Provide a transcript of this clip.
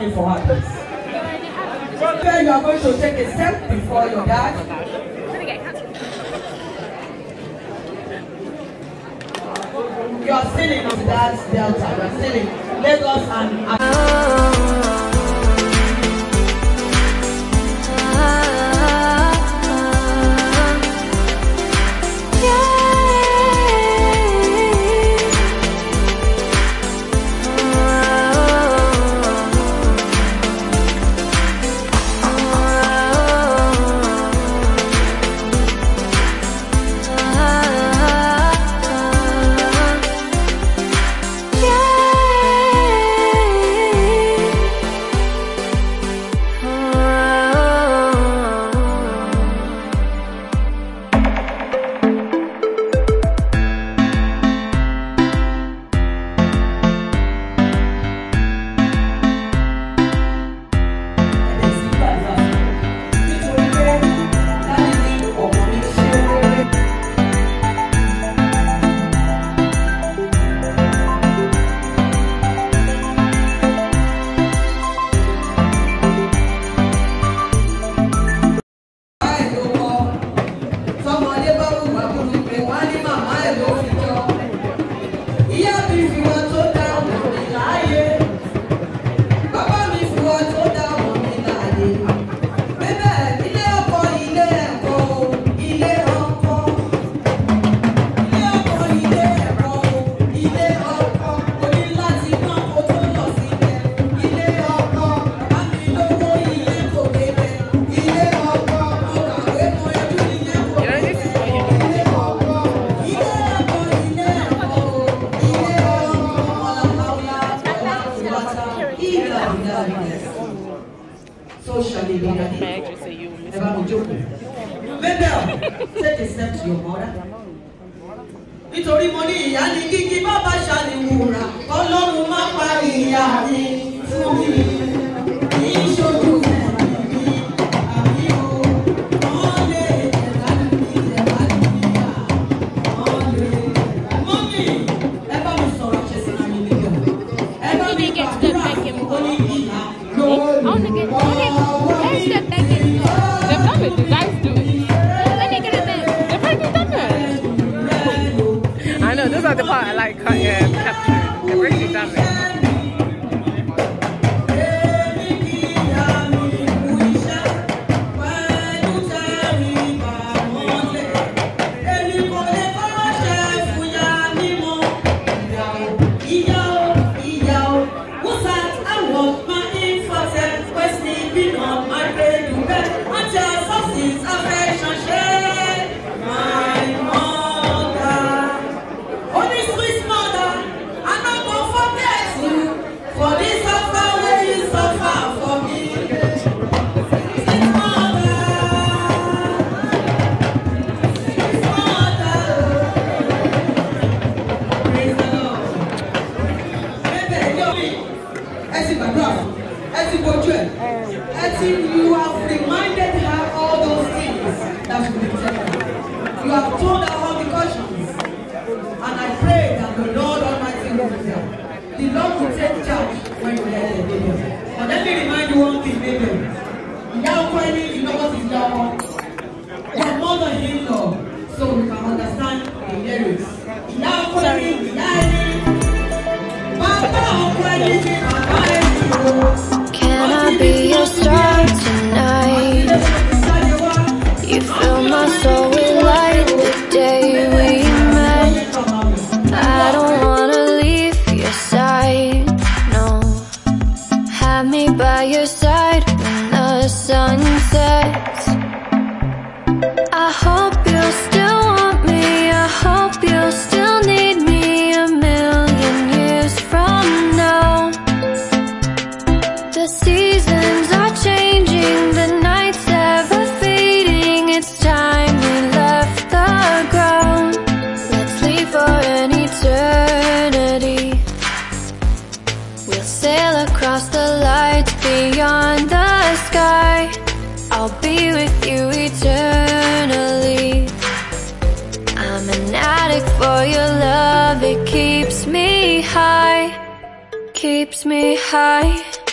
money for her, please. Then you are going to take a step before your dad. You are still in dad's delta. You are still in Lagos and... so shall it be to your mother. Nítorí mo ní ìyá ni gígí bàbá ṣàlìwòrà, olorun má parí. I know, this is the part I like cutting. Gracias. high, keeps me high